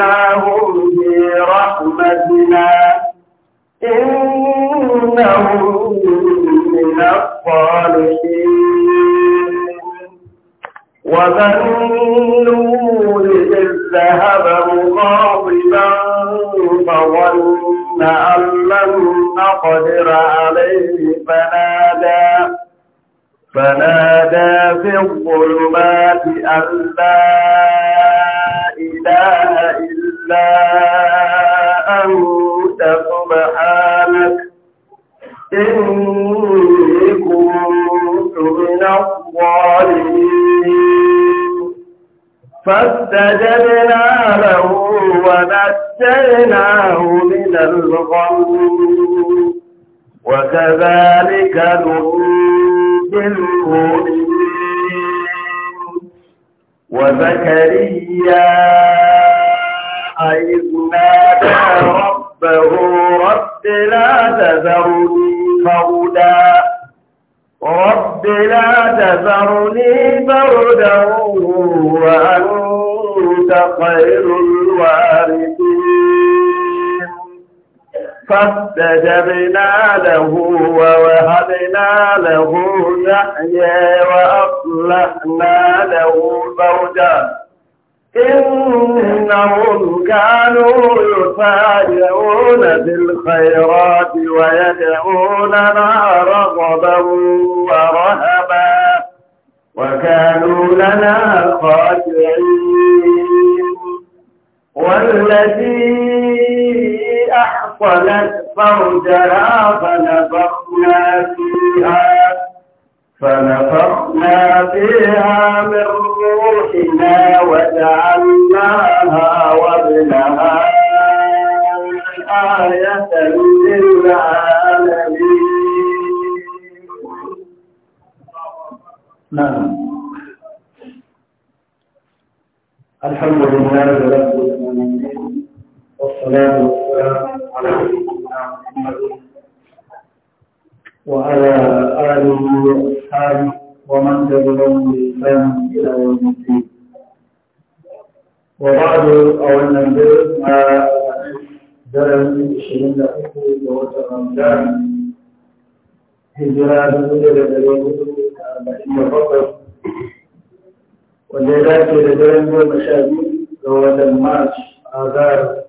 وأدخلناهم في رحمتنا إنهم من الصالحين وذنون إذ ذهب مغاضبا فظن أن لن نقدر عليه فنادى فنادى في الظلمات أن إله إلا أنت سبحانك إني كنت من الظالمين فاستجبنا له ونجيناه من الغم وكذلك ننجي المؤمنين وزكريا إذ نادى ربه رب لا تذرني فردا رب لا تذرني فردا وأنت خير الوارثين فاستجبنا له ووهبنا له يحيى وأصلحنا له زوجا إنهم كانوا يسارعون بالخيرات ويدعوننا رغبا ورهبا وكانوا لنا خاشعين والذين أحصلت فرجها فنفخنا فيها فنفخنا فيها من روحنا وجعلناها وابنها آية للعالمين نعم الحمد لله رب العالمين والصلاة والسلام على سيدنا محمد وعلى آله وأصحابه ومن تبعهم بإحسان إلى يوم الدين وبعد أولنا البيت مع درس الشهيد الأخوة ووجه رمضان هجرة بوجه لدرجة أربعين فقط والليلات لدرجة مشابه لوجه مارس آذار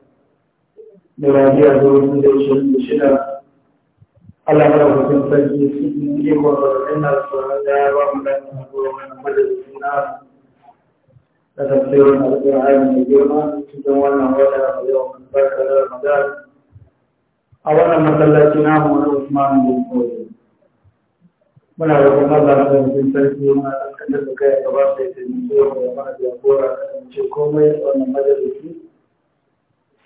da radiya da wasu da ishirin da shida Allah ya sarki sun yi kwarar ina tsoron da ya ba mu da na zuwa mana majalisi na da tafsirin alƙur'ani mai girma cikin wannan wata da yau mun barka da Ramadan a wannan masallaci na mu Usman bin Kodo muna roƙon Allah da mutum sarki muna tsakanin da kai gaba sai da mutum ya mana jagora kan ce komai wannan majalisi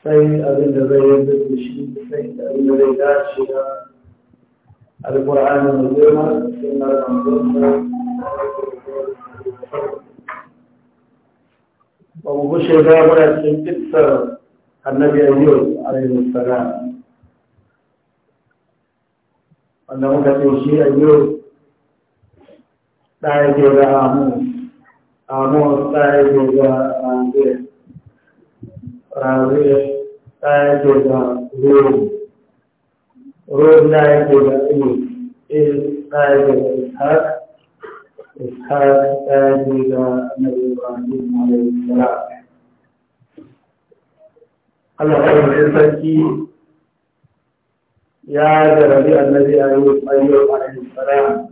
sai abin da zai yanzu da shi sai abin da zai dace da alƙur'ani mai girma sai na ramdonsa ba mu bushe ba muna cikin kitsar annabi ayyub alaihi salam wanda muka ce shi ayyub ɗaya ke ga amus amus ɗaya ke ga razir razir yake da rome rome na yake da ini is na da ishaq ishaq na yake da nabi sarki ya garabi annabi ayyub ayyub alaihi salam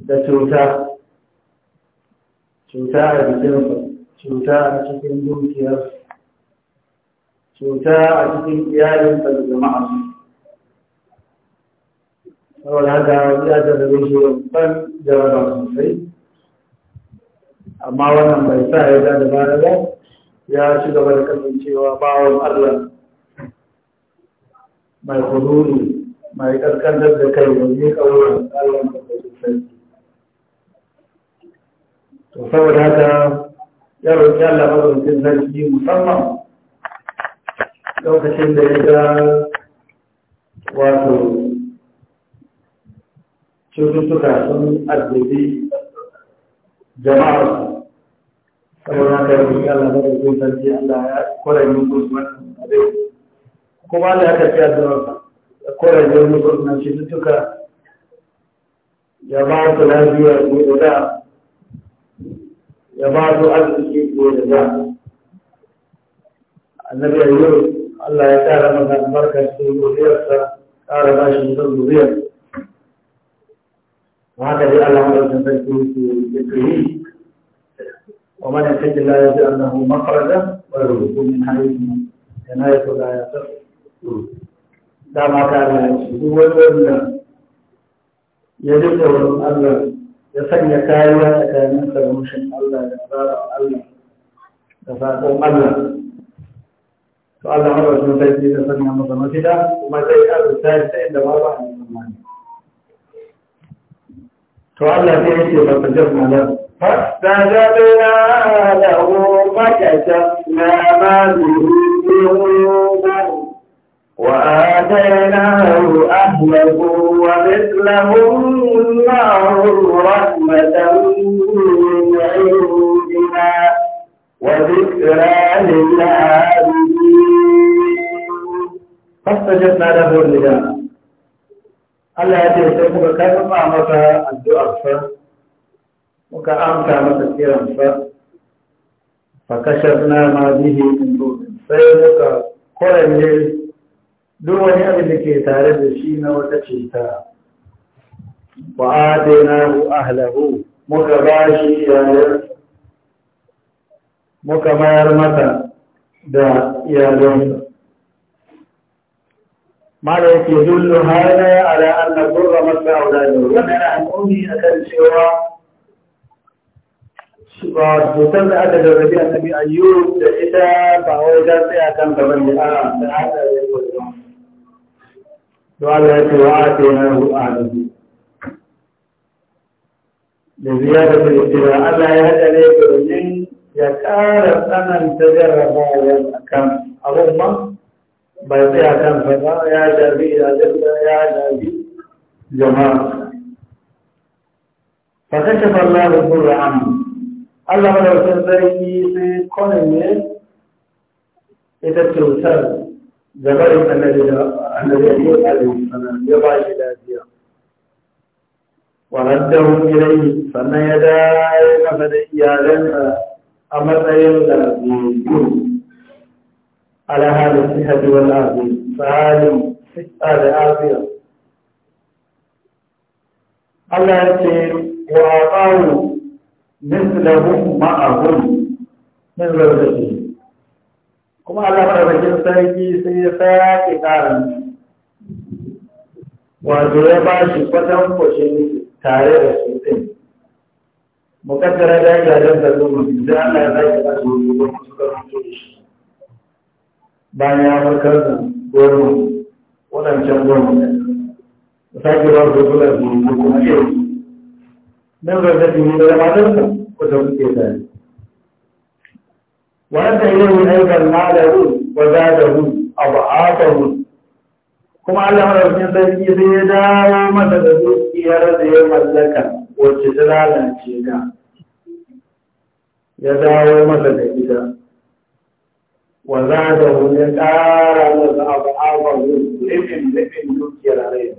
da cuta cuta a cuta a cikin dukiyarsa cuta a cikin iyalinsa da jama'a saboda haka ya jarabe shi ban jaraba sosai amma wannan bai sa ya da baya ba ya ci gaba da kasancewa bawon allah mai kuduri mai karkantar da kai da ne kawai allah sosai to saboda haka ya roƙi allah mazaunin sarki musamman lokacin da ya ga wato cututtuka sun arziki jama'a saboda ta yi wuce Allah da zai sarki Allah ya kora yi kore mu kusa kuma Allah ya tafi addu'a ya kore mu kusa cututtuka ya ba su lafiya ko da ya ba su arziki ko da annabi ayyuka Allah ya tara masa albarka cikin zuriyarsa ƙara ba shi mutum zuriyar haka dai Allah madaukakin sarki yake yi wa man yattaqi Allah yaj'al annahu makhraja wa yarzuqhu min haythu la yahtasib dama ta Allah ya ce duk wani wanda ya ji tsoron Allah ya sanya kariya tsakanin sa da mushin Allah da tsara Allah da saƙon Allah قال عمر بن زيد إذا سمع مضى مسجدا وما زيد أبو الثالث إلا مرة من المعنى فقال له في عيسي فاستجبنا له فاستجبنا له فكشفنا ما به من وآتيناه أهله ومثلهم معه رحمة من عندنا وذكرى للعابدين فاستجبنا له النداء Allah ya ce sai muka karfafa masa addu'arsa muka amsa masa kiransa fa kashafna ma bihi min dhurrin sai muka koranye duk wani abin da ke tare da shi na wata cuta wa atainahu ahlahu muka bashi yayarsa muka mayar mata da iyalansa Mala yake dullu hana ala anna gurra masa aulani wannan yana nuni akan cewa ba cutar da aka jarrabi a nabi ayyub da ita ba wai ta tsaya kan gaban da a da aka yi kwallon don Allah ya ce wa a na ruhu a nabi da ziyara da Allah ya haɗa ne domin يكارب أنا انتجرب على المكان أغمى بيضيع كان فضاء يا جبي يا جبي يا جبي جمال فكشف الله الضر عنه الله لو تنزيه في كل من إذا ترسل زبر النبي عليه الصلاة والسلام ورده إليه فما يدائك فديا لنا a matsayin da biyu alhalin sihadi wani abu tsarin fita da afiya Allah ya ce wa ƙawo mislahun ma'ahun min rarrabe kuma Allah farfakin sarki sai ya sake ƙarin wato ya ba shi kwatan tare da su mukaddara da ya da da zuwa da Allah ya zai da zuwa da suka mutu shi bayan ya farkar da gurin wadancan gurin da sake ba su zuwa da kuma yau nan da zai yi da matarsa ko da kuke tare wanda yau ne ga malahu a zadahu hu. kuma Allah ya sarki sai ya dawo mata da zuciyar da ya mallaka wacce ta lalace ka ya dawo masa da gida wa za da ya ƙara masa abu abu rufin rufin dukiyar rai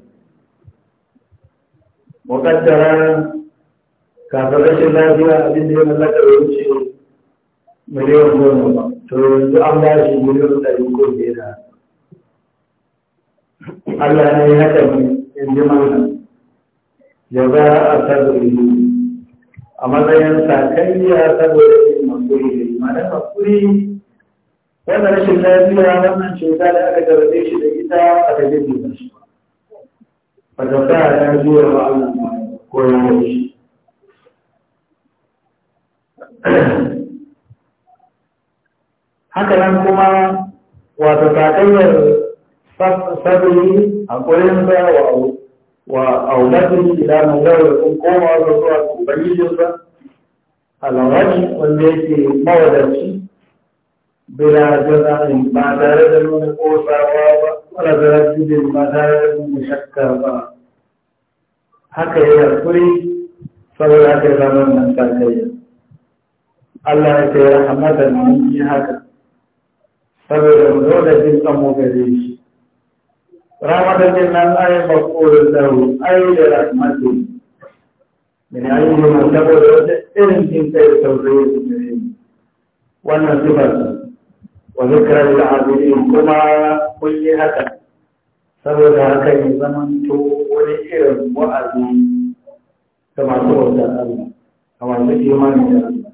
mukaddara kafin rashin lafiya abin da ya mallaka da wuce miliyan goma ba to yanzu an ba shi miliyan ɗari ko biyar Allah ne ya haka ne in ji mallam jaza'a sabri a matsayin sakayya saboda yin makuri da imanin makuri wannan rashin lafiya wannan cuta da aka jarabe shi da ita a ta jirgin da shi ba ta sa ya zuwa wa Allah ko ya yi shi haka nan kuma wato sakayyar sabri a kurin bayawa وأولادهم إلى مولاه يكون كوما وزوجة وبيجوزة على الرجل والذي مولد بلا جزاء ما دارد من قوسا ولا تردد ما دارد من شكا haka ya yarkuri فلا تزال من nan sakayya Allah ya ce rahmatan min haka saboda zo rahmatan nan ay maqulun lahu ay da rahmatu min ayyuhi man saboda wata irin cin kai da tausayi su gare ni wannan sifar Wani zikra lil abidin kuma kun yi haka saboda haka zaman to wani irin wa'azi ta masu wata Allah a masu imani da Allah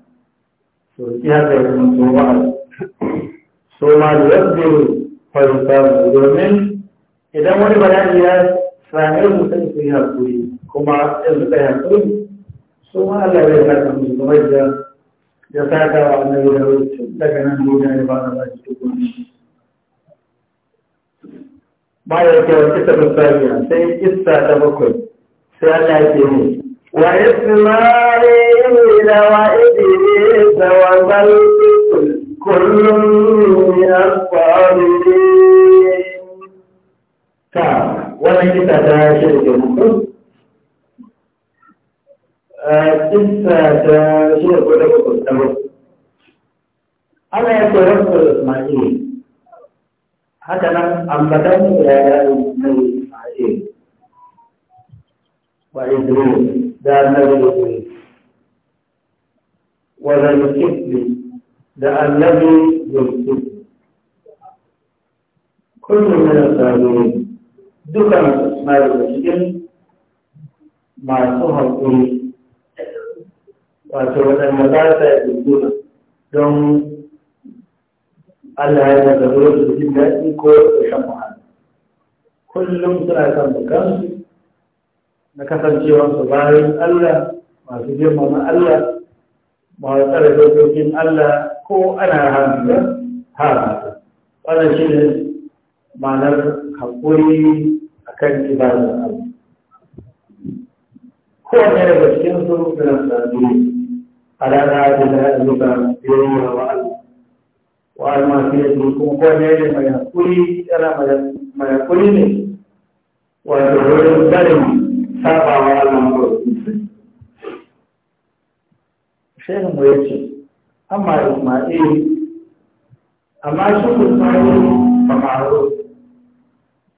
to ki haka ya zamanto wa'azi so ma yadda fa yusabu domin idan wani bala'i ya sami mu su yi hakuri kuma sai su kai hakuri su ma Allah musu da ya saka wa annabi da daga nan duniya ya ba tukun ba ya ce wata ta fasariya sai kissa ta bakwai sai Allah ya ce mu wa isma'il wa idris wa kullum min as ta wannan kisa ta shirya da mutu kisa ta shirya ko da bakwai ta wasu ana ya ce rasu da ismail haka nan ambatan da ya yi mai ismail wa idris da annabi idris wa zalkifli da annabi zulkifli kullum yana sabirin Dukkan na daga cikin masu haƙuri wato waɗanda ba sa yi gudun don Allah ya daga zuwa su jin daɗi ko shan wahala kullum suna kan bukansu na su bayan Allah masu na Allah masu tsare dokokin Allah ko ana hannu hamsa hamsa wannan shi ne ma'anar haƙuri a kan ibadar Allah. Kowane da cikin su suna sadu a rana da na ayyuka biyayya wa Allah. Wa almasiyar su kuma kowane da mai haƙuri yana mai haƙuri ne. Wato wurin tsarin sabawa Allah ba. Shehu mu ya ce, amma Ismail, amma shi Ismail ba ma'aruf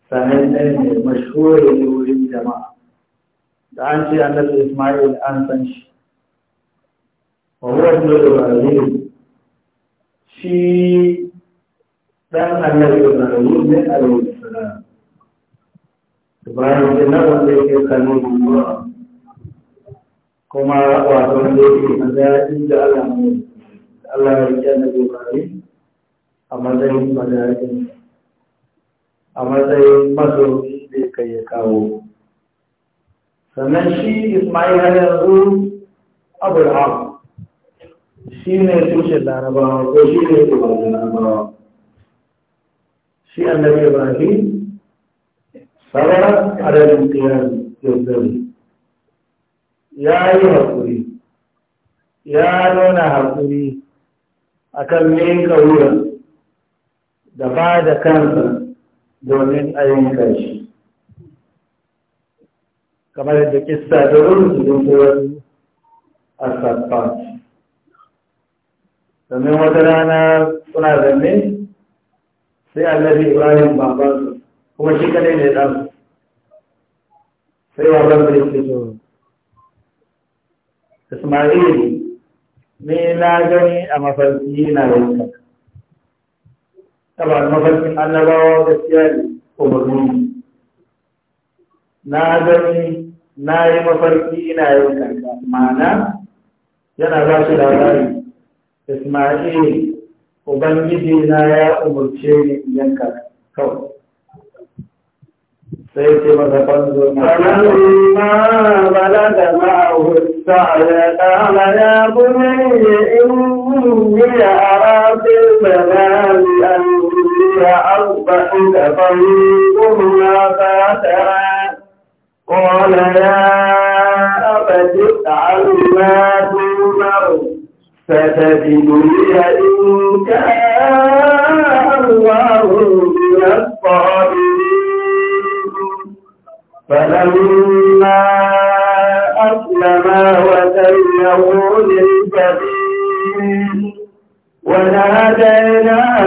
sannan ɗaya ne mashhurin wurin jama'a da an ce annabi Ismail an san shi wa huwa ibn shi dan annabi Ibrahim ne alaihi salam Ibrahim ne na wanda yake kuma wato wanda yake mazajin Allah ne Allah ya annabi a matsayin mazajin a matsayin masauki zai kai ya kawo sannan shi ismail har yanzu abulham shi ne tushen larabawa ko shi ne tushen larabawa shi annabi ibrahim sabara adadin ƙiyar yanzu ya yi haƙuri ya nuna haƙuri a kan meka da ba da kansa domin ayyukan shi kamar yadda kista da rurutu don kowar asafat domin wata rana suna zanne sai annabi ibrahim babansu kuma shi kadai ne ɗan. sai wannan bai fito Ismail ni na gani a mafarki na yankan saboda mafarkin annabawa da ne umarni na gani na yi mafarki ina yin karka ma'ana yana za su labari ismail ubangiji na ya umarce ni yanka kawai فلما بلد معه السعي قال يا بني إني أرى في المنام أني أصبحت طيب فانظر ماذا قال يا أبت افعل ما تؤمر ستجدني إن شاء الله من الصابرين فلما أسلما وتيه للجبين وناديناه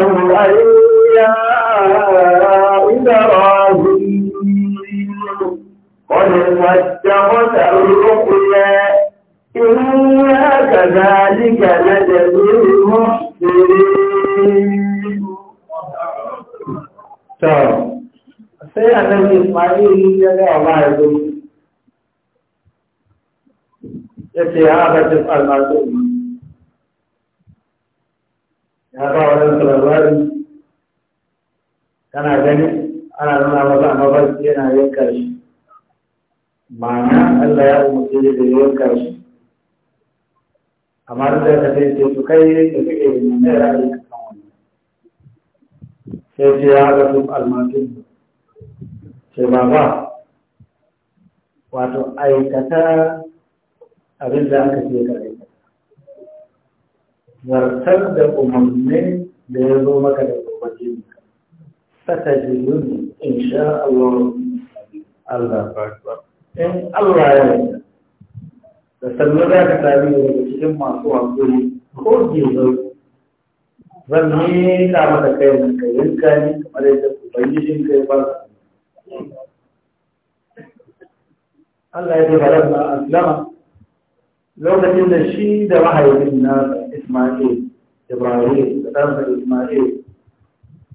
أن يا إبراهيم قد صدقت الرقيا إنا كذلك نجزي المحسنين طيب. sai annabi Ismail ya ga wa ya zo ya ce ya ga duk almasu ya ba wa ɗansa labari kana gani ana nuna masa a mafarki yana yanka shi ma'ana Allah ya umarci da yanka shi amma da ka sai ce su kai da suke yin ne ra'ayi kan wannan sai ce ya ga duk almasu ribaba wato aikata abin da aka ce ka aikata zartar da umarni da ya zo maka da umarni saka jirgin in sha Allah Allah in Allah ya yi da sannu za ka sami daga cikin masu hankali ko jirgin zan miƙa mata kai na kayan kani kamar yadda ubangijin kai ba Allah ya ce bayan na aslama lokacin da shi da mahaifin na Ismail Ibrahim da ɗansa Ismail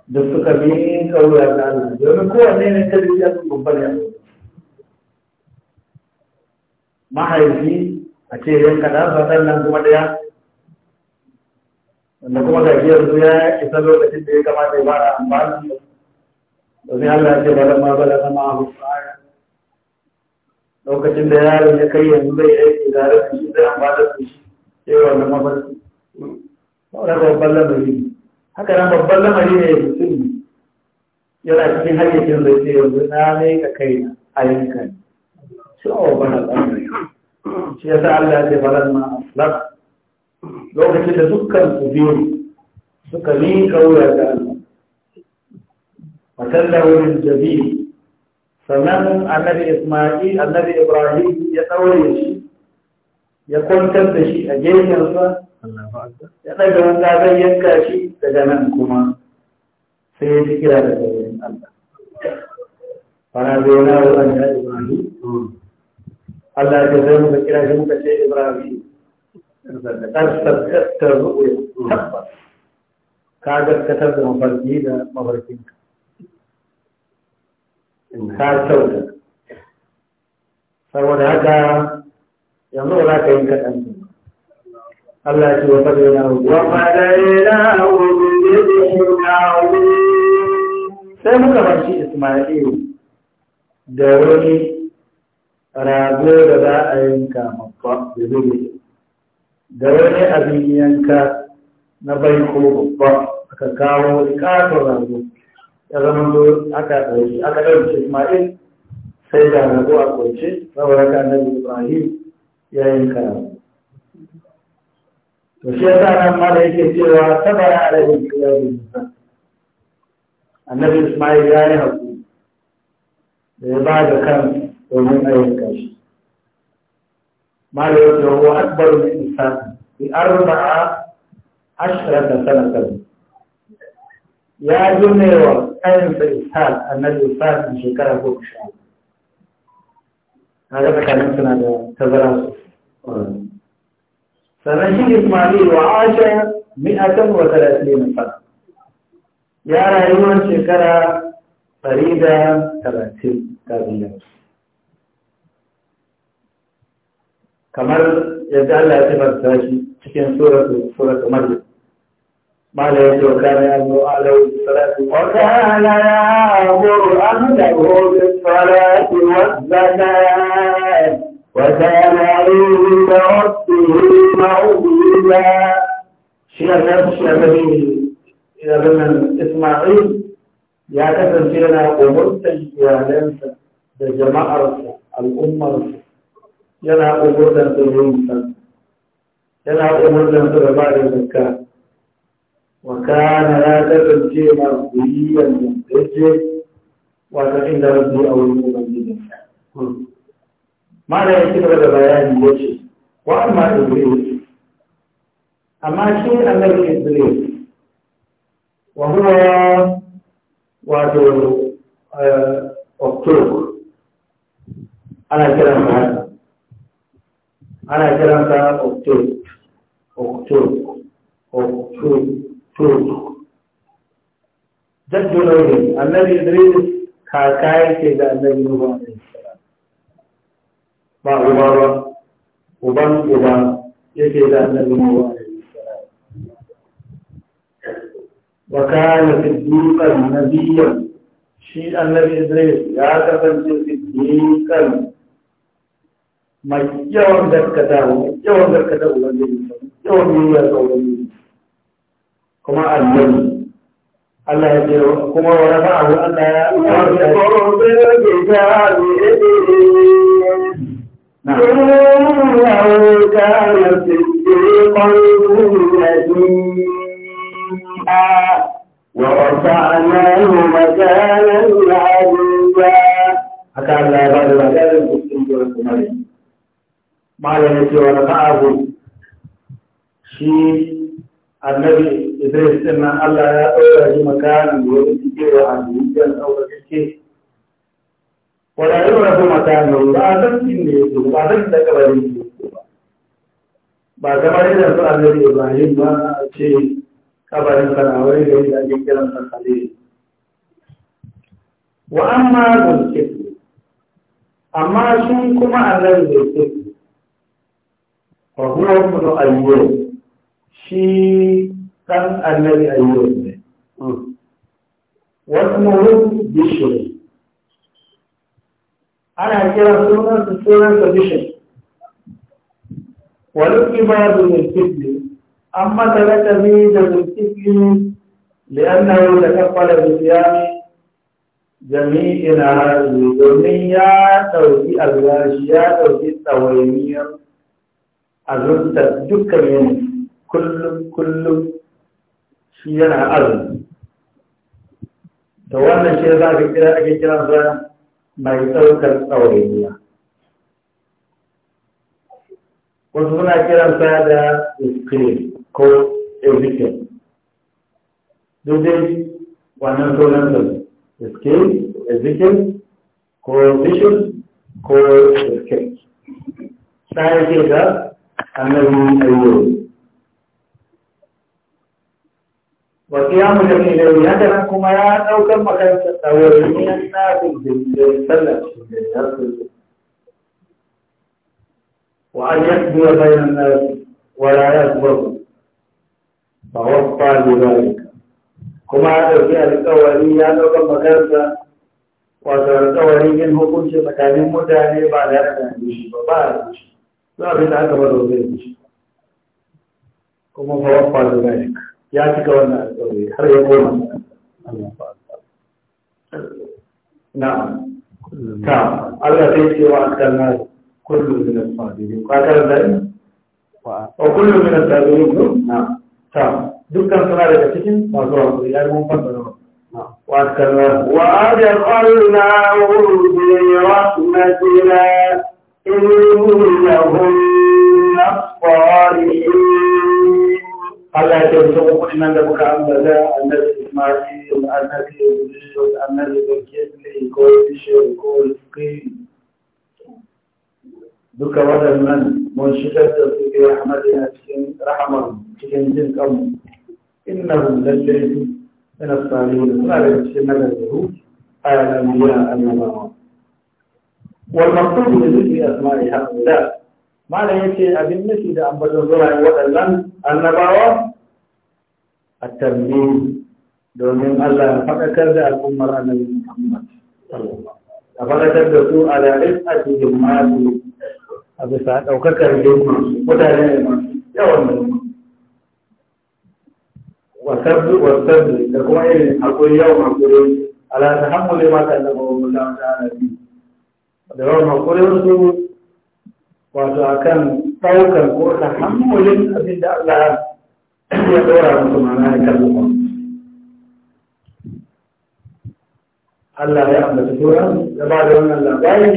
da suka bi kauya da Allah domin kowanne ne ta biya sun babban ya mahaifi a ce kaɗan ɗansa ɗan kuma ɗaya wanda kuma ga yanzu ya isa lokacin da ya kamata ya fara amfani da domin Allah ce ma bala a lokacin da yaro ya kai yanzu zai aiki da shi zai amma da su shi sai wannan mafarki wannan babban lamari haka nan babban lamari ne ya mutum yana cikin hayyacin zai ce yanzu na ka kai na a ne shi babban shi ya sa Allah ce ma a lokacin da dukkan su biyu suka miƙa wuya Allah وتبدأ من جديد فمن النبي إسماعيل النبي إبراهيم يتولي شيء يقول تبدأ شيء أجيك الله أعزه يقول لا بيك شيء تجمعكما سيدي كلا الله فنبينا أن إبراهيم الله جزاهم بكلا جمك شيء إبراهيم هذا ويتحفظ كاجر كتب مفرقين مفرقين ka kyauta saboda haka yanzu ba za ka yi kaɗan Allah ya ce wa fadai na hudu wa fadai na hudu ne da shi sai muka bar shi Ismail da wani rago da za a yanka babba da zuri da wani abin yanka na bai ko babba aka kawo wani rago ya zama zo aka ɗauki aka ɗauki Ismail sai da rago a kwance saboda ka annabi Ibrahim ya yi karatu to shi yasa nan ma da yake cewa sabara alaihi kiyabi annabi Ismail ya yi hakuri da ya ba da kan domin ayyuka shi ما يوجد هو أكبر من الإنسان بأربع عشرة سنة يا جنيوة خير بالإسهال أن الأستاذ من شكرا فوق شعر هذا تكلمتنا بتبراس فمشيك إسماعيل وعاش مئة وثلاثين فقط يا رايون شكرا فريدا ثلاثين كابلا كمال يدعى الله تبارك تكين سورة سورة مريم ما لا يتوكان يأمر أهله بالصلاة وكان يأمر أهله بالصلاة والزكاة وكان عند ربه موجودا شيخ نفس شبهه إلى زمن إسماعيل يا kasance yana umurtan iyalansa da jama'arsa al'ummarsa yana umurtan su yin yana umurtan su da ba da zakka wakana ya kasance masu yi yankin daje wata inda rabbi a wurin ubangijin ya mana ya ci gaba da bayani ya ce wa amma iblis amma shi annabi iblis wa huwa wato october ana kiran ana kiran sa october to jaddu nauyin annabi idris kaka yake da annabi nuhu alaihi salam ba uba ba uban uba yake da annabi nuhu alaihi salam wa kana siddiqan nabiyyan shi annabi idris ya kasance siddiqan mai yawan gaskata mai yawan gaskata ubangiji yawan biyayya ga ubangiji kuma annabi Allah ya ce kuma wa rafa abu Allah ya ya ce wa abu shi annabi Idris din nan Allah ya ɗauka shi makanan da wani cike wa hannuyar ɗaukakacce. Wala yau rafi makanan ba a san cin da yake ba a san da kabarin da yake ba. Ba kamar yadda su Annabi Ibrahim ba a ce kabarin sanawai da yadda ake kiran sa Wa Wa amma zulkifu amma sun kuma annabi zulkifu. Wa huwa ibnu Ayyub shi kan annabi a ne. Wasu murin bishir. Ana kira sunan su sunan Wani kima da an mata rata ne da zulkifli da yan nawo da kafa da jami'in arazi domin ya ɗauki albashi ya ɗauki tsawaimiyar azurta dukkan yanayi kullum kullum shi yana azumi Ta wannan shi za ka kira ake kiran sa mai ɗaukar tsawainiya wasu suna kiran sa da iskri ko ezekiel duk dai wannan sunan sa iskri ezekiel ko vision ko iskri ta yake da annabi ayyuka وقيام الليل هذا كما يا او كم كان تاويلين الناس بالسلام وأن يقضي بين الناس ولا يكبر فوفى لذلك كما هذا في القولي يا لو كم كان wato alkawari yin hukunci tsakanin mutane ba da yana بعد shi ba ba da shi za a fi da ya cika wannan alƙawari har ya koma na ta Allah zai ce wa alƙalna kullum min al-sabirin ka karanta ne wa kullum min al-sabirin na ta dukkan suna daga cikin masu hakuri ya yi mun fasa وأدخلناه في رحمتنا إنه من الصالحين Allah ya taimaka ku kuɗin da muka ambata annabi Ismail annabi Yusuf annabi Bakir ko Bishir ko Fikri duka waɗannan mun shigar da su bi rahmatin cikin rahamar cikin jin kanmu innahu lallai min as-salihin suna da cikin nagartaru a yanar biya annabawa wal maqsud bi dhikri asma'i ha'ula malam ya ce abin nufi da ambaton zuwa waɗannan annabawa a tarbi domin Allah ya faɗakar da al'ummar annabi Muhammad a faɗakar da su a larin a cikin masu a bisa ɗaukakar jirgin mutane ne masu yawan da wasabbi wasabbi da kuma irin akwai yawan hakuri ala ta hammule mata da ba wa mulawa da yawan hakurin wasu wato akan ɗaukar ko tahammulin abin da Allah ya ɗora musu mana ya kalluwa Allah ya ambata tura ya ba da wannan labari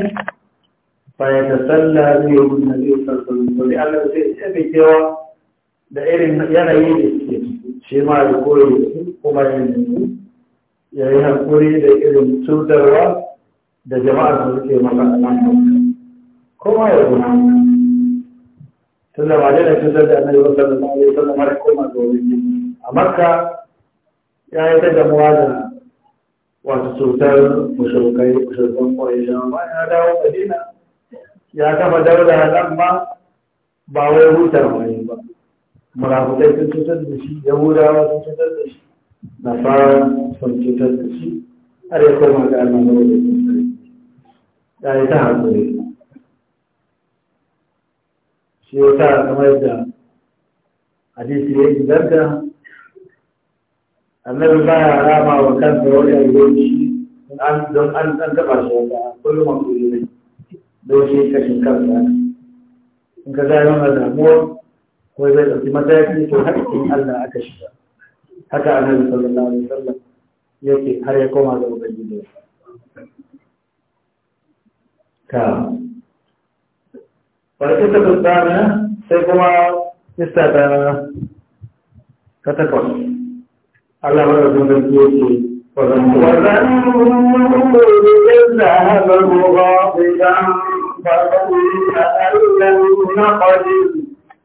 فيتسلى بهم النبي صلى الله عليه وسلم ولأنه سيئة كوا دائرين ينعيد شما يقول كما ينعيد يعني هم قولي دائرين سودروا دا جماعة سلسة مقالة kowa ya gudu tun da ba da cutar da annabi wasu da zama ya zama mara koma ga wani a makka ya yi ta damuwa da wasu cutar mushrikai mushrikan koyi amma ya dawo madina ya kafa dauda nan ma ba wai hutar wani ba murafukai sun cutar da shi yahudawa sun cutar da shi nasara sun cutar da shi har ya koma ga annabi cutar da shi ya yi ta hankali shi ta kamar da hadisi ya inganta annabi ba ya rama wa kansa wani shi. don an an taba shi wata kullum a kuri ne don shi kashin kansa in ka zai mana damuwa ko zai ɗauki mataki to haƙƙin Allah aka shiga haka annabi sallallahu alaihi wasallam yake har ya koma wani ubangiji ka Wanda ita sultana sai kuma nista ta ta أن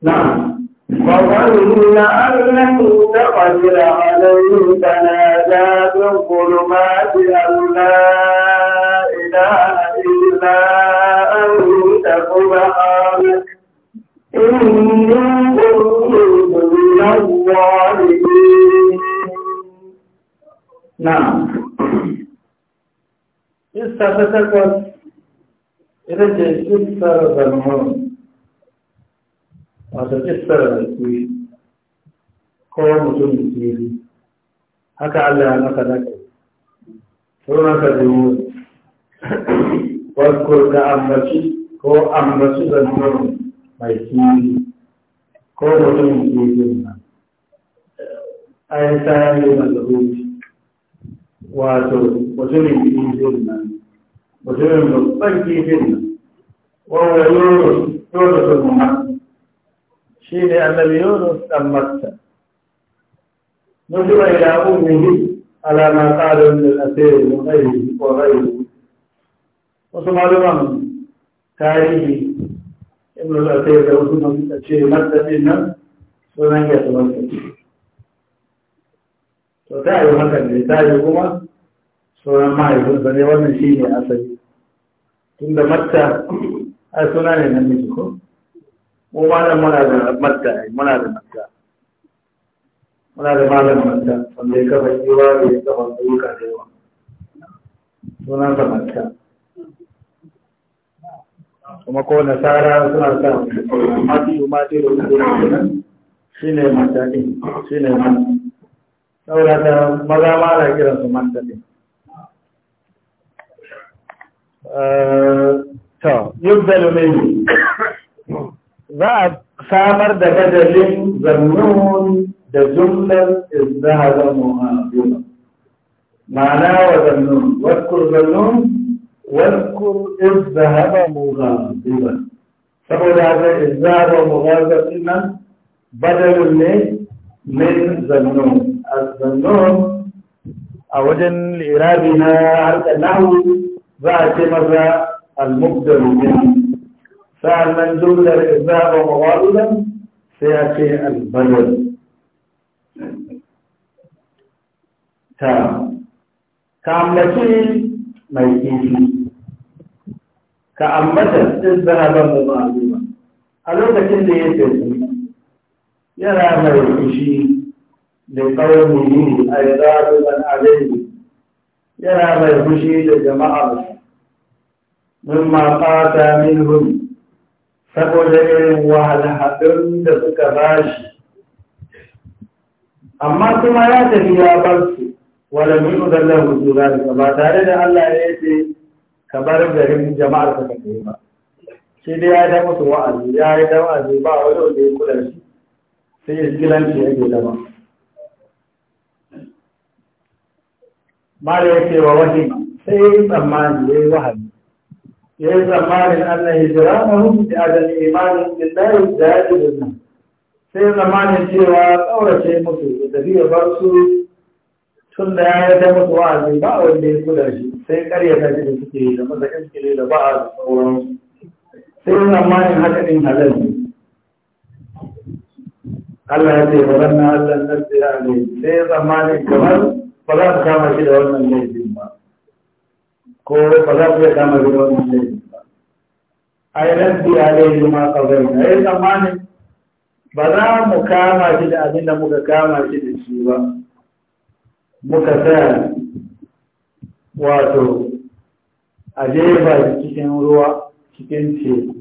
نعم وظن أن لن نقدر عليه فنادى بالظلمات أن لا إله إلا أنت سبحانك Now, كنتم من was نعم استفتت رجع استر ظلمون wato istara the kuyi kowa mutum da kiri haka Allah ya maka zaka sauran ka da yi wasko da ambaci ko mai kiri ko da irin kifin nan ai ta yi mazaruci wato mutumin kifin nan mutumin babban kifin nan wawa yoro yoro su muhammad shi ne annabi yoro dan makka نزل إلى أمه على ما قال من الأسير من غيره وغيره وصمالهم تاريخي ibn al-asir da wasu ce nan ta yi kuma asali matta a suna ne na miji ko mu malam muna da matta ai muna da matta muna da malam matta wanda ya kafa yiwa da ya kafa ayyuka da yawa sunan matta kuma ko nasara suna sa matiyu matiyu da kuma shi ne mataɗi shi ne man saboda ta maza ma na kiransu mataɗi eh, to yubdalu minhu za a samar da gadalin zannun da jumlar izdaha zamu a yuma ma'ana wa zannun wadkur zannun واذكر اذ ذهب مغاضبا سبب هذا اذ ذهب مغاضبا بدل من ذنون الذنون اوجن لارادنا عرق النحو ذات مزا المقدر منه فعل من دون اذ ذهب مغاضبا سياتي البدل تمام كاملتي ما يكفي ta ambata cikin zahaban ma'azuma a lokacin da ya tafi yana mai fushi da kawai a zaruban alaihi yana mai fushi da jama'ar min ma fata minhum saboda irin wahalhaɗin da suka bashi amma kuma ya tafi ya bar su wala min udallahu zura ba tare da Allah ya ce ka bar garin jama'ar ka ka kai ba shi dai ya yi musu wa'azi ya yi da wa'azi ba wani wanda ya kula shi sai ya gilanci yake da ba mara ya ce wa wahima sai ya yi tsammani ya yi wahabi ya yi tsammanin annan hijira na hukunci a dan imanin billahi da ya ji nan sai zamanin cewa ƙaurace musu da tafiya bar su tun da ya yi ta musu wa'azi ba wanda ya kula shi sai karya ta da suke yi da maza suke da ba'a da sauran sai wannan manin haka din halal ne Allah ya ce wa zanna Allah na tsira ne sai zamanin kamar ba za su kama shi da wannan laifin ba ko ba za su iya kama shi da wannan laifin ba ai ne yi ma qadaina ai zamanin ba za mu kama shi da abin da muka kama shi da shi ba muka tsaya wato a jefa cikin ruwa cikin teku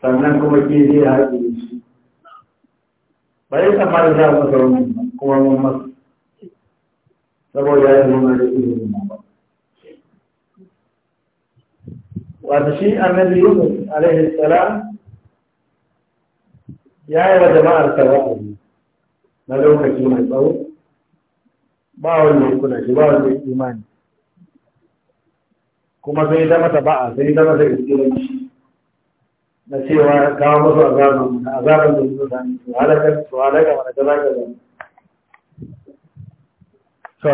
sannan kuma kifi ya haɗe shi ba yi tsammanin za mu sauran kuma mun masu saboda ya zama da ilimin ba wata shi annabi yusuf alaihi salam ya yi wa jama'ar sarrafa na lokaci mai tsawo ba wanda ya kula shi ba wanda ya imani kuma sai da mata ba'a sai da mata shi. na cewa kawo musu azaban na azaban da su sami su halakar su halaka mana gaza so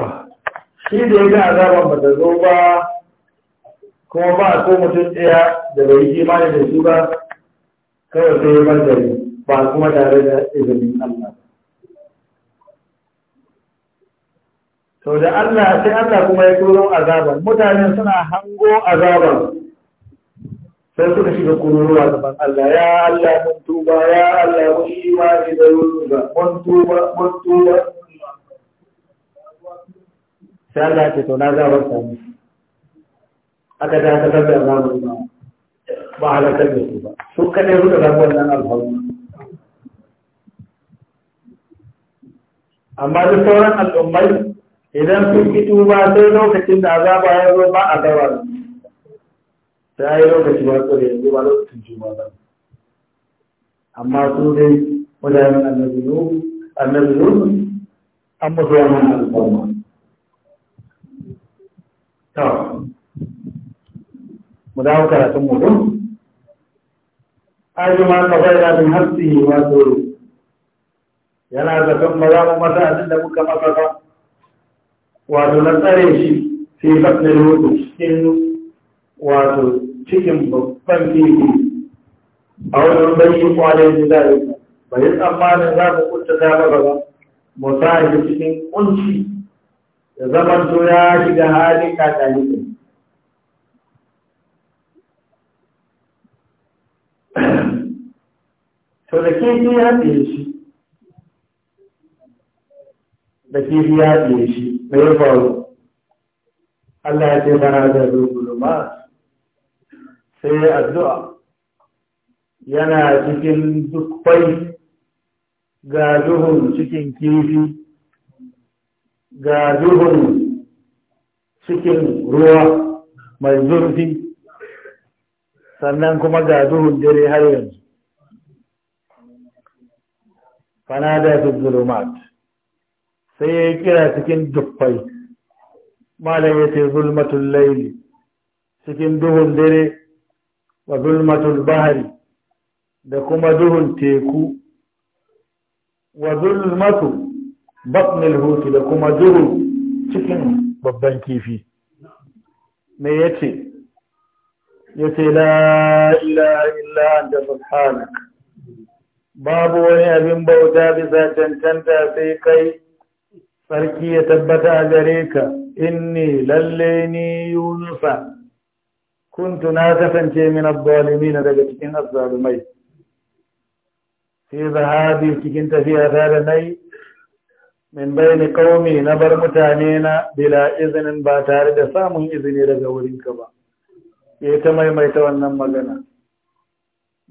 shi da ya ga azaban ba ta zo ba kuma ba a ko mutum ɗaya da bai yi imani da su ba kawai sai ya bar ba kuma tare da izinin Allah ba sau da Allah sai Allah kuma ya turo azaban mutane suna hango azaban sai suka shiga kururuwa gaban Allah ya Allah mun tuba ya Allah mun yi imani da yusufa mun tuba mun tuba sai Allah ke to na zabar ta mu aka ta ta tabbata na mu ba halakar da su ba su kadai suka zabar nan alhawar. amma duk sauran al'ummai idan sun ki tuba sai lokacin da azaba ya zo ba a gaba ta yi lokacin ya tsore yanzu ba lokacin juma ba amma sun dai wajen annabi nuhu annabi nuhu an musu wannan alfarma to mu dawo karatun mu ajima ka faida min hafsihi wato yana zaton ba za mu masa abin da muka masa ba wato na tsare shi fi faɗin wato cikin wato cikin babban fili a wani bayi kwanan da zai ba yi tsammanin za ku kunta dama gaba musahi cikin kunci da zaman to ya shiga hali ka ne to da kifi ya ɗaya shi da ke ya ɗaya shi me ya faru Allah ce fara da sai addu'a yana cikin duk ga duhun cikin kifi ga duhun cikin ruwa mai zurfi sannan kuma ga duhun dare har yanzu fana da zulumat sai ya yi kira cikin dubbai malam ya ce zulmatul laili cikin duhun dare wa zulmatul bahari da kuma duhun teku wa zulmatu batnil hutu da kuma duhun cikin babban kifi me ya ce ya ce la ilaha illa anta subhanak babu wani abin bauta bisa cancanta sai kai sarki ya tabbata gare ka inni lalle ni yunusa kuntu na kasance min na daga cikin azzalumai sai zahabi cikin tafiya ta da nai min ni kaumi na bar mutane na bila izinin ba tare da samun izini daga wurinka ba ya ta maimaita wannan magana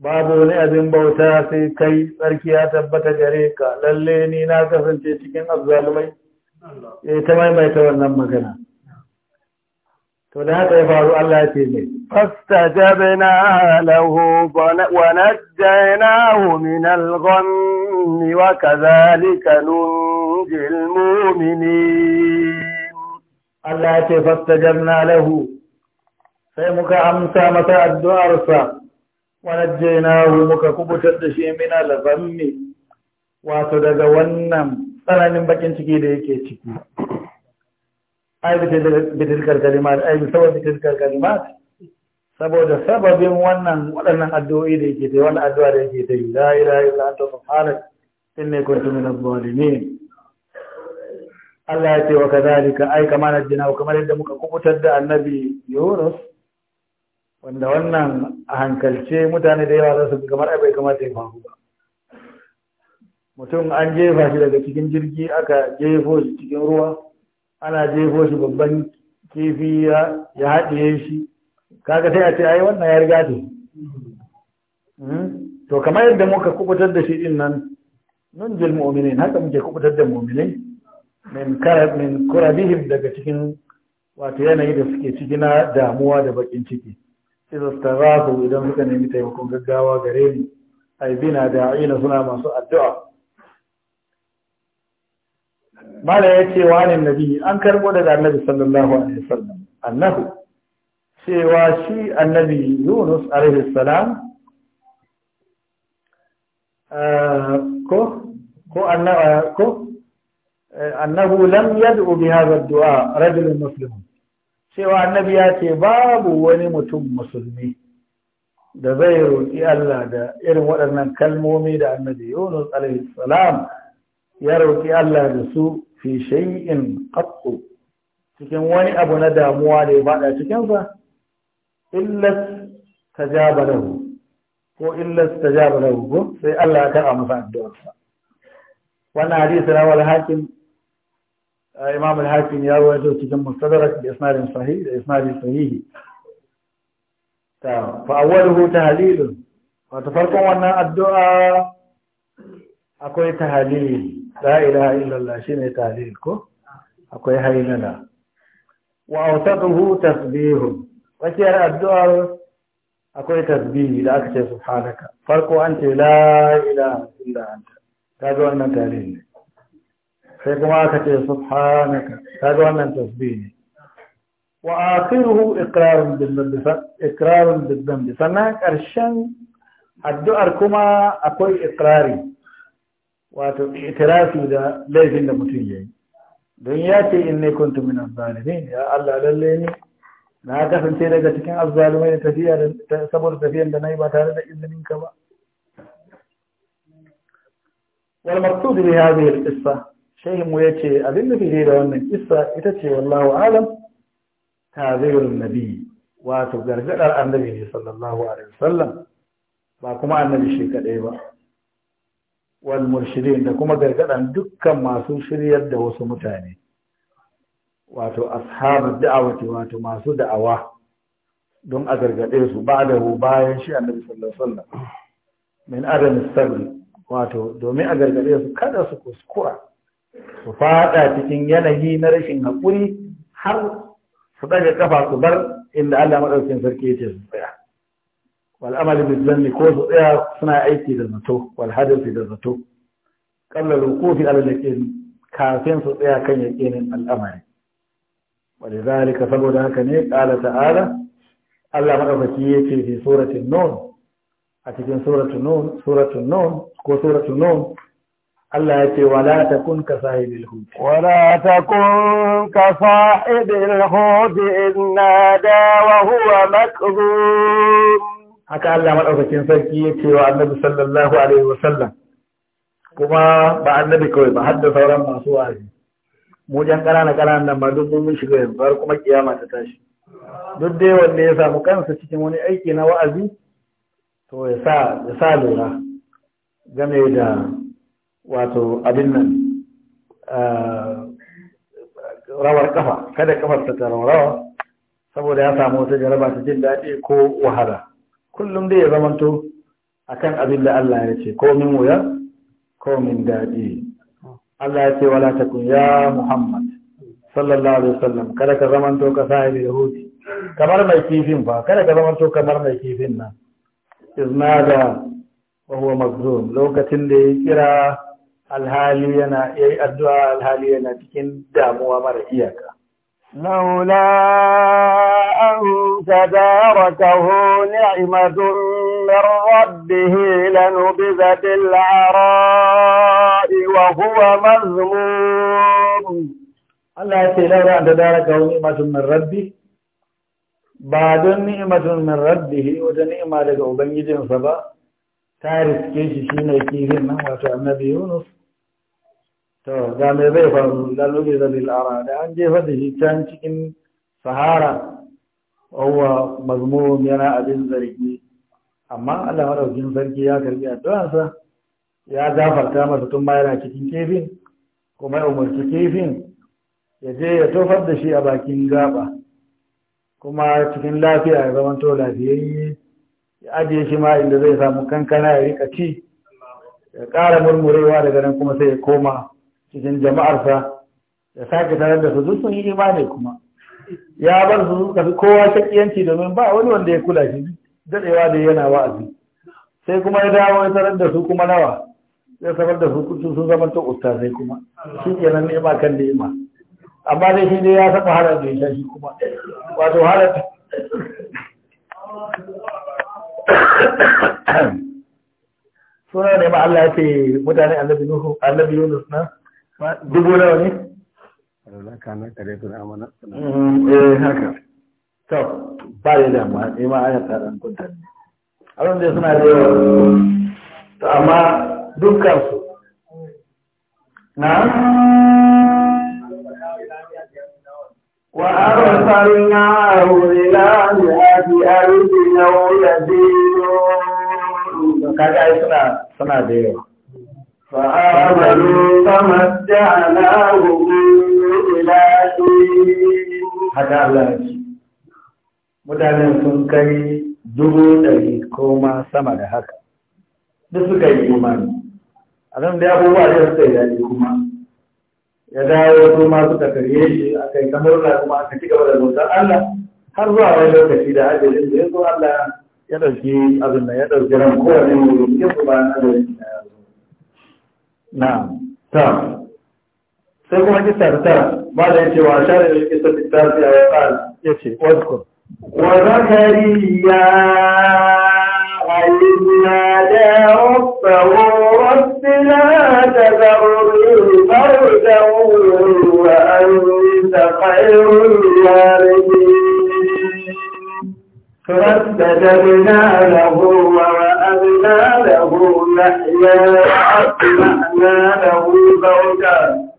babu wani abin bauta sai kai tsarki ya tabbata gare ka lalle ni na kasance cikin azzalumai Eh, ta maimaita wannan magana. To da haka ya faru Allah ya ce Fasta na lahu wa na jaye na wa ka zalika nungil Allah ya ce, Fasta na lahu, sai muka amsa masa addu’arsa wa na muka kubutar da shi min al’ammi, wato daga wannan tsananin bakin ciki da yake ciki ai bitilkar kalimat ai saboda bitilkar kalimat saboda sababin wannan waɗannan addu'o'i da yake tayi wannan addu'a da yake tayi la ilaha illa anta subhanaka inni kuntu minaz ne, Allah ya ce wa kazalika ai kama jina kamar yadda muka kubutar da annabi yoros wanda wannan a hankalce mutane da yawa za su kamar ai bai kamata ya faru ba mutum an jefa shi daga cikin jirgi aka jefo shi cikin ruwa ana jefo shi babban kifi ya haɗiye shi kaga sai a ce ai wannan ya riga hmm? to kamar yadda muka kubutar da shi din nan nun jil mu'minin haka muke kubutar da mu'minin min karab min kurabihim daga cikin wato yanayi da suke ciki na damuwa da bakin ciki idza staghathu idan suka nemi taimakon gaggawa gare ni ai bina da'ina suna masu addu'a mala ya ce wa ne nabi an karbo daga annabi sallallahu alaihi wasallam annahu cewa shi annabi yunus alaihi salam eh, ko ko annabi eh, ko eh, annahu lam yad'u bi hadha ad-du'a rajul muslim cewa annabi ya ce babu wani mutum musulmi da zai roƙi Allah da irin waɗannan kalmomi da annabi Yunus alaihi salam ya roƙi Allah da su fi shay'in qattu cikin wani abu na damuwa da ya bada cikin sa illa tajaba lahu ko illas tajaba lahu ko sai Allah ya karɓa masa addu'ar sa wannan na rawal hakim eh, imam al-hakim ya rawaito cikin mustadrak da isnadin sahih da isnadin sahihi ta fa awwaluhu tahlilun wato farkon wannan addu'a akwai tahlil la ilaha illallah shine tahlil ko akwai hainana wa awtaquhu tasbihun wakiyar addu'ar akwai tasbihi da aka ce subhanaka farko an ce la ilaha illa anta kaga wannan tahlil ne sai kuma aka ce subhanaka kaga wannan tasbihi ne wa akhiruhu iqrarun bil iqrarun bil sannan karshen addu'ar kuma akwai iqrari wato itirafi da laifin da mutum ya yi don ya ce in ne kuntu min ya Allah lalle ne na kasance daga cikin azzalimai da tafiya saboda tafiyan da na yi ba tare da izinin ka ba wal maqsud bi hadhihi al qissa shehin mu yace abin da fide da wannan qissa ita ce wallahu alam tazirun nabi wato gargadar annabi sallallahu alaihi wasallam ba kuma annabi shi kadai ba wal da kuma gargadan dukkan masu shiryar da wasu mutane wato ashabar da'awati wato masu da'awa don a gargade su ba da bayan shi annabi sallallahu alaihi wasallam min adam sabri wato domin a gargade su kada su kuskura su fada cikin yanayi na rashin haƙuri har su daga kafa su bar inda Allah madaukakin sarki ya ce su tsaya wal amali ko su tsaya suna aiki da zato wal hadisi da zato Kalla al-wuqufi ala kafin su tsaya kan yaqinin al'amari walidhalika saboda haka ne qala ta'ala Allah madaukaki yake fi suratul nun a cikin suratul nun suratul nun ko suratul nun Allah ya ce ka wala huwa haka Allah madaukakin sarki ya ce wa annabi sallallahu alaihi wa sallam. kuma ba annabi kawai ba har da sauran masu wazi mu jan ƙanana ƙananan nan ba duk mun shiga yanzu har kuma kiyama ta tashi duk dai wanda ya samu kansa cikin wani aiki na wa'azi to ya sa ya sa lura game da wato abin nan eh, rawar kafa kada kafar ta rawa saboda ya samu wata jaraba ta jin daɗi ko wahala kullum dai ya zamanto kan abin da Allah ya ce ko min wuya ko min daɗi Allah ya ce wala takun ya Muhammad sallallahu alaihi wasallam kada ka zamanto ka sahibi yahudi kamar mai kifin fa kada ka zamanto kamar mai kifin nan iznada wa huwa mazlum lokacin da ya kira alhali yana yayi addu'a alhali yana cikin damuwa mara iyaka لولا أن تداركه نعمة من ربه لنبذ بالعراء وهو مذموم Allah ya ce laura da daraka wani ni'matun min rabbi ba don ni'matun min rabbi wata ni'ima daga ubangijinsa ba ta riske shi shine kirin nan wato annabi Yunus to ga me zai faru lalubi da ara da an jefa da shi can cikin sahara wawa mazmum yana abin zargi amma Allah madaukin sarki ya karbi addu'arsa ya gafarta masa tun ma yana cikin kefin? kuma ya umarci kefin? ya je ya tofar da shi a bakin gaba kuma cikin lafiya ya zama to lafiyayye ya ajiye shi ma inda zai samu kankana ya rika ci ya ƙara murmurewa daga nan kuma sai ya koma cikin jama'arsa da sake tarar da su duk sun yi imani kuma ya bar su suka fi kowa shakiyanci domin ba wani wanda ya kula shi daɗewa da yana wa'azi sai kuma ya dawo ya tarar da su kuma nawa Sai sabar da su sun zama ta ustazai kuma shi kenan nema kan nema amma dai shi dai ya saba halar da ya shi kuma wato halar suna ne ma Allah ya ce mutane Allah Nuhu annabi Yunus na dubu nawa ne alaka na kare su amana eh haka to ba ya da ma ima aya tsaran kuntan abin da suna da yawa to amma dukkan su na وأرسلناه إلى مئة ألف أو يزيدون. كذا suna da yawa. mutanen sun kai dubu ɗari ko sama da haka duk suka yi imani a nan da abubuwa da suka yi kuma ya dawo su ma suka karye shi a kai kamar kuma aka ci gaba da bautar Allah har zuwa wani lokaci da ajalin da ya zo Allah ya ɗauki abin da ya ɗauki ran kowane wuri ya su ba na da نعم سيكو حديثة تاب ماذا يتي وعشان يجيسة التاب يا يقال يتي واذكر وذكريا أيضا نادى ربه رب لا تذرني فردا وأنت خير الوارثين فاستجبنا له له نحيا وأصلحنا له زوجا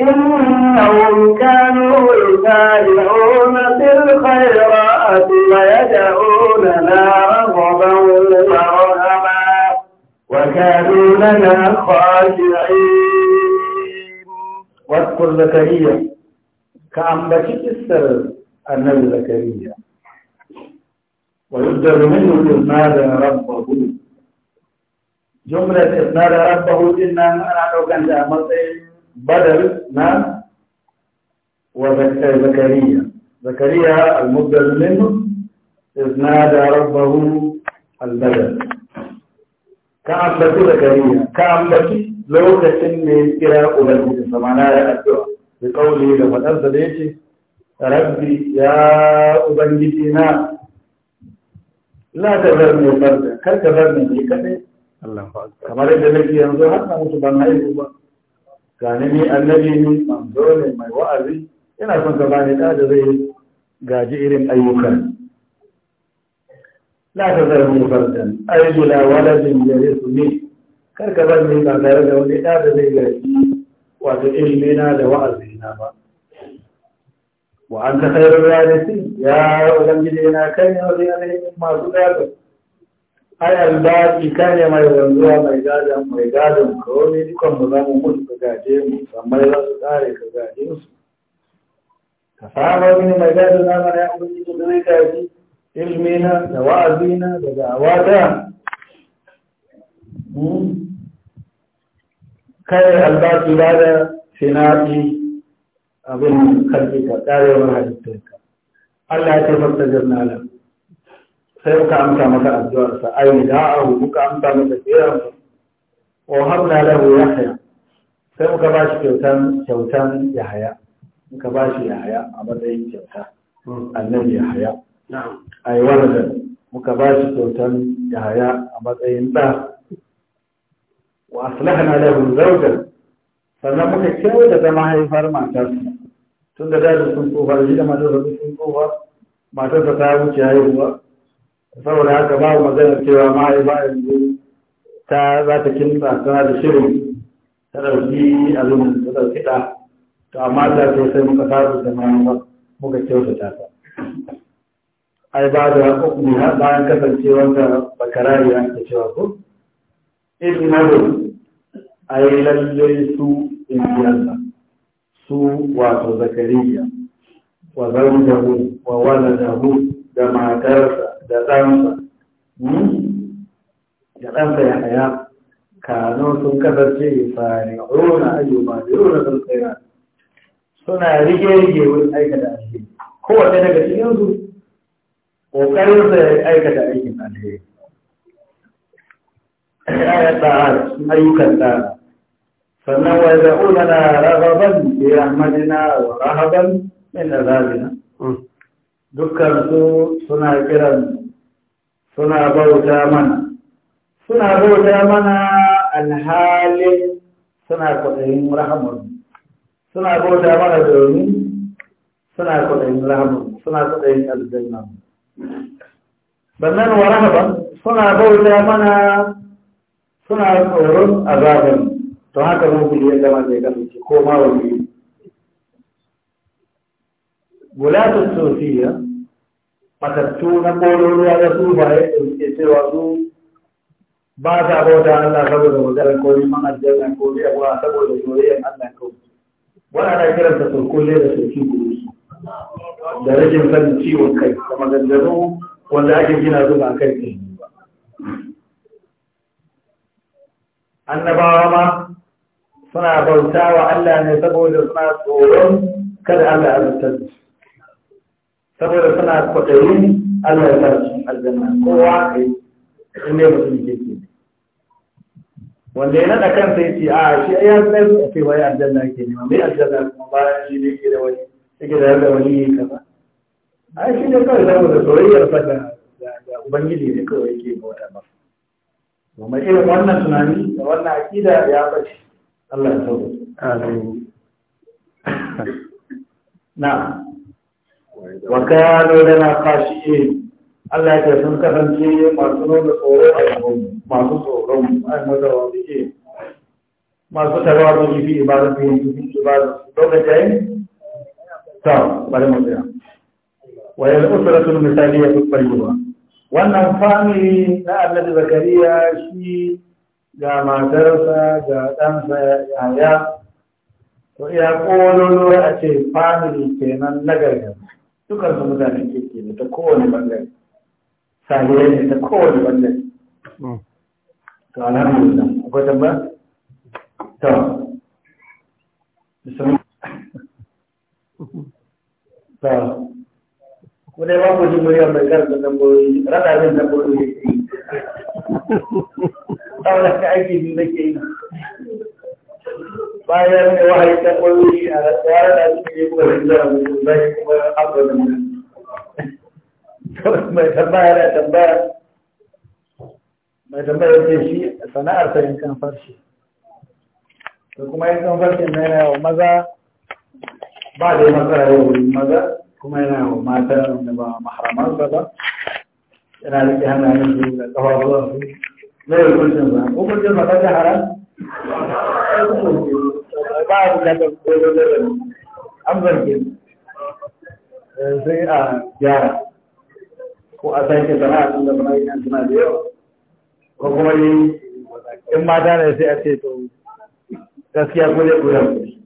إنهم كانوا يسارعون في الخيرات ويدعوننا رغبا ورهبا وكانوا لنا خاشعين واذكر زكريا كأنبت السر النبي زكريا ويبدل منه ماذا ربه جملة نادى ربه إنا نعلوك عند مطعم بدل نعم وزكريا زكريا المبدل منه إذ نادى ربه البدل كعب بكي زكريا كان بكي لو كتمي كرا أولاكي سمعنا يا أدوى بقوله لما تنزل ربي يا أبنجتنا لا تذرني فردا كالتذرني كذلك kamar yadda nake yanzu har na mutu ban haihu ba gani ni annabi ne manzo ne mai wa'azi Ina son ka bani da da zai gaji irin ayyukan la ta zara mu fardan ay bila waladin yarithuni kar ka bar ni ba tare da wani da da zai gaji wato ilmi na da wa'azi na ba wa an anta khairur radisin ya ubangiji na kai ne wani masu gado ayar baki kan ne mai wanzuwa mai gadon mai gadon kawai dukan mu za mu mutu ka gaje mu sammai za su kare ka gaje su ka saba mini mai gadon na mana ya ubangiji da zai gaji ilmina da wa'azina da da'awata hmm. kai albaki ba da sinaɗi abin karfi ka karewar halittarka Allah ya tafasta jirnalar sai muka amsa maka addu'arsa ai da'ahu muka amsa maka tsirarsa wa habna lahu yahya sai muka ba shi kyautan kyautan haya, muka ba shi haya a matsayin kyauta annabi na'am ai wanda muka ba shi kyautan haya a matsayin da wa aslahna lahu zawjan sannan muka kyauta ta mahaifar matarsa tun da dajin sun tsofa shi da matarsa sun tsofa matarsa ta wuce haihuwa saboda haka babu maganar cewa ma'aiba ne ta za ta kinsa tana da shirin ta ɗauki abin ta ɗauki ɗa to amma ta ce sai muka taru da ma'aiba muka kyautata ta ai ba da hukumi har bayan wanda da bakarari an ta cewa ko in ne ai lallai su in yalla su wato zakariya wa zawjahu wa waladahu da matarsa da ɗansa hmm? da ɗansa ya haya kano sun kasance fari rona ayyuba da rona sun tsira suna rige-rige wurin aikata alheri kowace daga cikinsu ƙoƙarinsa ya aikata aikin alheri ayat ta'ala ayyukan tsara sannan wa yad'unana da ya rahmatina wa rahaban min azabina hmm. dukkan su suna kiran suna bauta mana suna bauta mana alhalin suna kwaɗayin rahamar suna bauta mana domin suna kwaɗayin rahamar suna kwaɗayin aljanna bannan wa rahaban suna bauta mana suna tsoron azabin to haka mun ya zama zai kasance ko ma wani gulatun sofiya matattu na kololuwa da su ba ya ɗauke cewa su ba ta bauta Allah saboda wajen kori man aljanna ko ya kuwa saboda soyayyar Allah kawai wani ana kiranta ne da sarki gurusu da rikin sanin ciwon kai da maganganu wanda ake gina su ba kai ne annabawa ma suna bauta wa Allah ne saboda suna tsoron kada Allah ya zartar da su saboda suna kwaɗayi Allah ya tashi aljanna kowa kai in mutum ke ke wanda ya naɗa kansa ya ce a shi ya tsaye a kai aljanna ke nema mai aljanna kuma bayan shi ne ke da wani yake da yadda wani yi kaza a shi ne kawai zamu da soyayyar sa da ubangiji ne kawai yake bauta ba irin wannan tunani da wannan aƙida ya bace Allah ya sauke. Amin. Na'am. wa kano lana khashi'in Allah ya sun kasance masu nuna tsoro a gaban masu tsoron ai mazawa suke masu tarawa su yi fi ibada su yi fi ibada lokaci ai ta bari mu tsaya wa yal misali ya fi tayyiba wannan family na Annabi Zakariya shi ga matarsa ga ɗansa yaya to ya kololo a ce "Famili" kenan na gargajiya dukkan su mutane ke ke ta kowane bangare sahiyar ne ta kowane bangare hmm. to alhamdulillah akwai tabba to to ku dai ba ku ji muryar mai karanta tambayoyi rada zai tambayoyi wani ka aiki biyu nake yi bayan da wahayi ta koyi a tsara da suke yi kuma da zara mutum zai kuma haɗa da mutum mai tambaya da tambaya mai tambaya ce shi sana'ar ta yankan farshe da kuma yankan farshe na yana yawa maza ba da yi matsara yau maza kuma yana yawa mata da ba maharamansa ba yana rike hannayen su da ƙafafuwan su zai hukuncin ba hukuncin ba ta haram ba a bukatar koyo da an zarge eh, sai a gyara ko a sake sana'a tun da sana'a yana da yawa ko kuma yi in mata ne sai a ce to gaskiya ko zai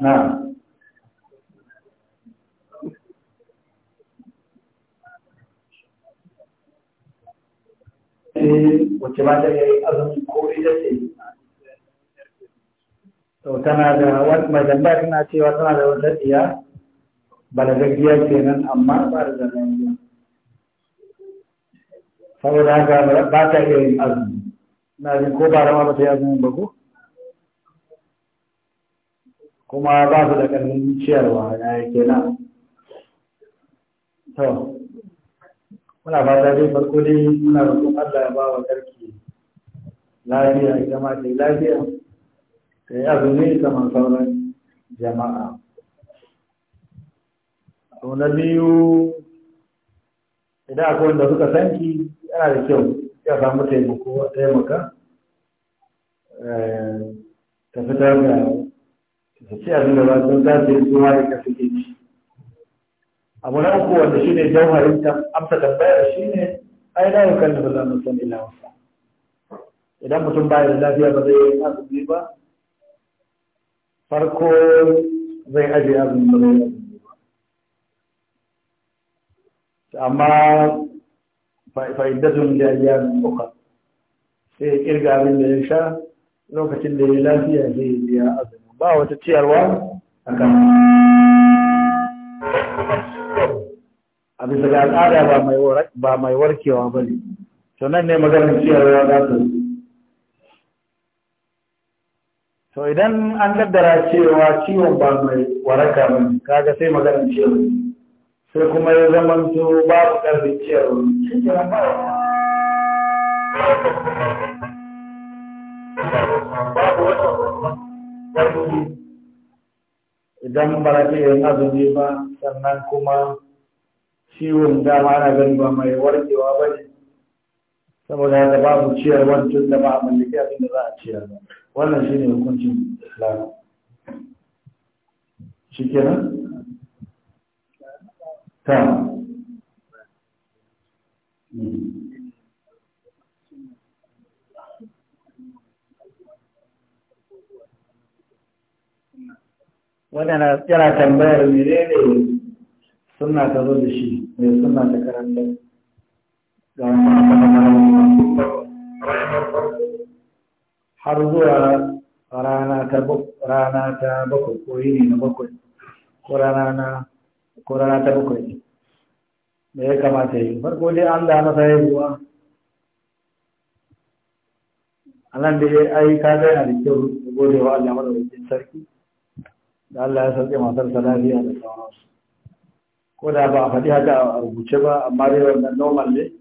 na eh, yi ko ita ce to tana da mai tambaya tana cewa tana da wata tsiya balagaggiya nan amma ba da zananiya saboda haka ba ta iya yin azumi na jin ko ba rama ba ta yi azumin ba ko kuma ba su da ƙarfin ciyarwa na yake na to muna fata dai farko dai muna roƙon Allah ya ba wa sarki lafiya ita ma dai lafiya ka ne azumi kamar sauran jama'a abu na biyu idan akwai wanda suka sanki yana da kyau ya samu taimako a taimaka eh, ta fitar da ta ce abin da ba don za su yi zuwa da ka suke ci abu na uku wanda shi ne jauharin amsa tambayar shi ne ai na yau kan da ba za mu san ila wasa idan mutum ba da lafiya ba zai yi azumi ba farko zai aje azumin ba amma fa'idatun da ya uka sai ya kirga abin da ya sha lokacin da ya lafiya zai yi biya abin ba wata ciyarwa a kan a da ga al'ada ba mai warkewa ba ne to nan ne maganin ciyarwa za ta to idan an gaddara cewa ciwon ba mai waraka ba kaga sai magana ciyarwa sai kuma ya zama su babu su ciyarwa shi ba idan ba yin azumi ba sannan kuma ciwon dama na gani ba mai warkewa ba ne saboda da babu ciyarwa tun da ba a mallaki abin da za a ciyar ba wannan shi ne hukuncin islam shi kenan? ta wadana yana tambayar mene ne suna ta zo da shi mai suna ta karanta ga wani har zuwa rana ta rana ta bakwai ko yini na bakwai ko rana na ko rana ta bakwai me ya kamata yi farko dai da na sai ruwa anan da ya ai ka ga yana da kyau gode wa Allah madaukakin sarki da Allah ya sauke masar ta lafiya da sauransu ko da ba a faɗi haka a rubuce ba amma dai wannan normal ne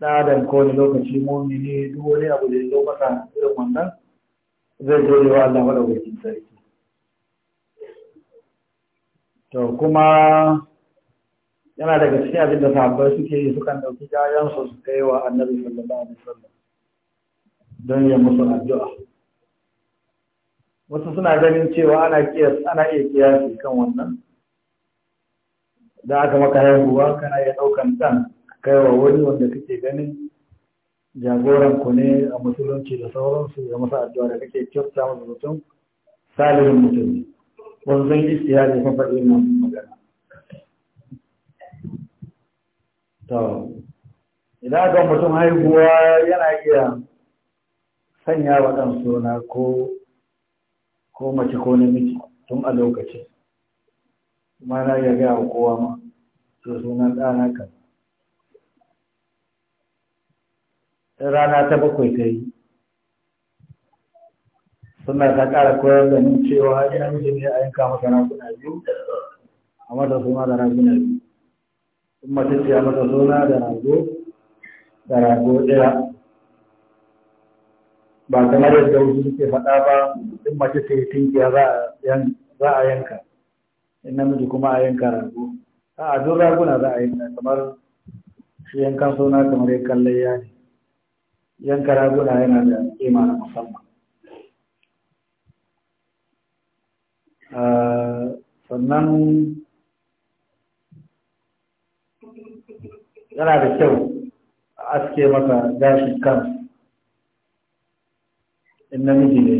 da adam ko wani lokaci mumini duk wani abu da ya zo masa irin wannan zai zo wa Allah madaukakin sarki to kuma yana daga cikin abin da sahabbai suke yi sukan ɗauki jayansu su kai wa annabi sallallahu alaihi wasallam don ya musu addu'a wasu suna ganin cewa ana kiyas ana iya kiyasi kan wannan da aka maka haihuwa kana iya ɗaukan ɗan kaiwa wani wanda kake ganin jagoran ku ne a musulunci da sauransu ya masa addu'a da kake kyauta masa mutum salihin mutum ne siya ne kan faɗi nan magana to idan aka mutum haihuwa yana iya sanya wa ɗan suna ko ko mace ko namiji tun a lokacin mana ya gaya wa kowa ma to sunan ɗana kan rana ta bakwai ta yi suna ta ƙara koyar da ni cewa ya miji ne a yanka masa raguna biyu a mata suna da na biyu sun mace ce a mata suna da rago da rago ɗaya ba kamar yadda wasu suke faɗa ba in mace ce tinkiya za a yanka in namiji kuma a yanka rago a duk raguna za a yanka kamar shi yankan suna kamar yankan layya ne yanka raguna yana da kima na musamman ah, sannan yana da kyau a aske masa gashin kan in namiji ne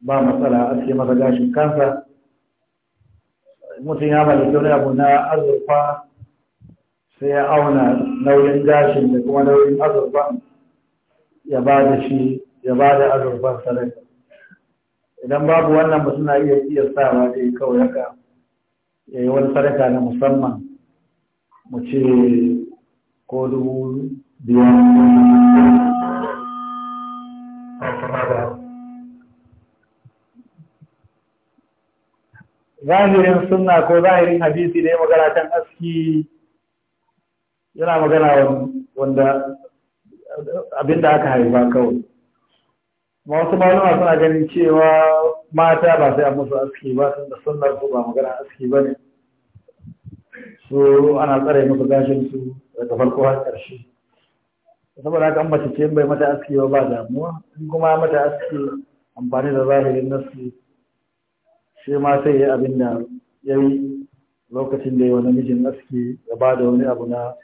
ba matsala a aske masa gashin kansa mutum ya kyau wani abu na azurfa sai ya auna nauyin gashin da kuma nauyin azurfa ya ba da shi ya ba da azurfan sarai idan babu wannan ba suna iya iya sawa da kawai haka ya yi wani sadaka na musamman mu ce ko dubu biyar zahirin suna ko zahirin hadisi da ya magana kan aski yana magana wanda Abin da aka haifa kawai ma wasu malama suna ganin cewa mata ba sai a musu aski ba da sunnar su ba magana aski ba ne su ana tsare musu gashin su daga farko har ƙarshe saboda haka an mace ce bai mata aski ba ba damuwa in kuma mata aski amfani da zahirin nasu sai ma sai ya abin da ya yi lokacin da ya wani mijin aski ya ba da wani abu na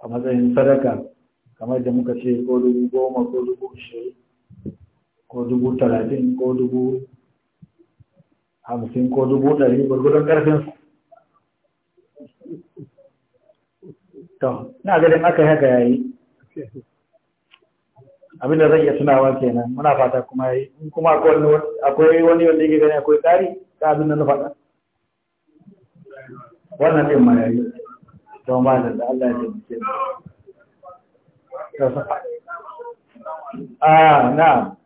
a matsayin sadaka kamar da muka ce ko dubu goma ko dubu ashirin ko dubu talatin ko dubu hamsin ko dubu ɗari gwargwadon ƙarfinsu to na ganin aka yi haka yayi abin da zan iya tunawa kenan muna fata kuma yi in kuma akwai wani wanda yake gani akwai tsari ta abin da na faɗa wannan ɗin ma yayi don ba da Allah ya taimake mu ah na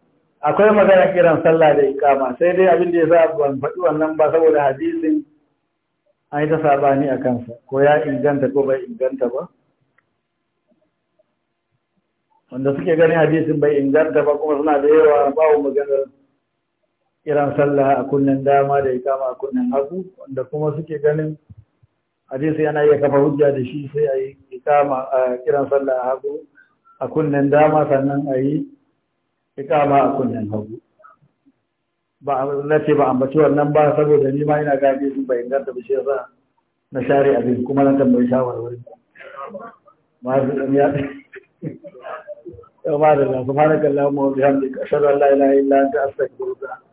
akwai magana kiran sallah da ikama sai dai abin da ya sa ban faɗi wannan ba saboda hadisin an yi ta sabani a kansa ko ya inganta ko bai inganta ba wanda suke ganin hadisin bai inganta ba kuma suna da yawa bawo maganar kiran sallah a kunnen dama da ikama a kunnen hagu wanda kuma suke ganin hadisin, yana iya kafa hujja da shi sai a yi ikama a kiran sallah a hagu a kunnen dama sannan a yi ikama a kunnen hagu ba na ce ba ambaci wannan ba saboda ni ma ina gaji sun bai inganta ba na share abin kuma na tambayi shawarwari su ɗan yaɗi yau ma da na lafi ma na kallon mawabi hamdi ƙasar Allah ila ila ta astagfirullah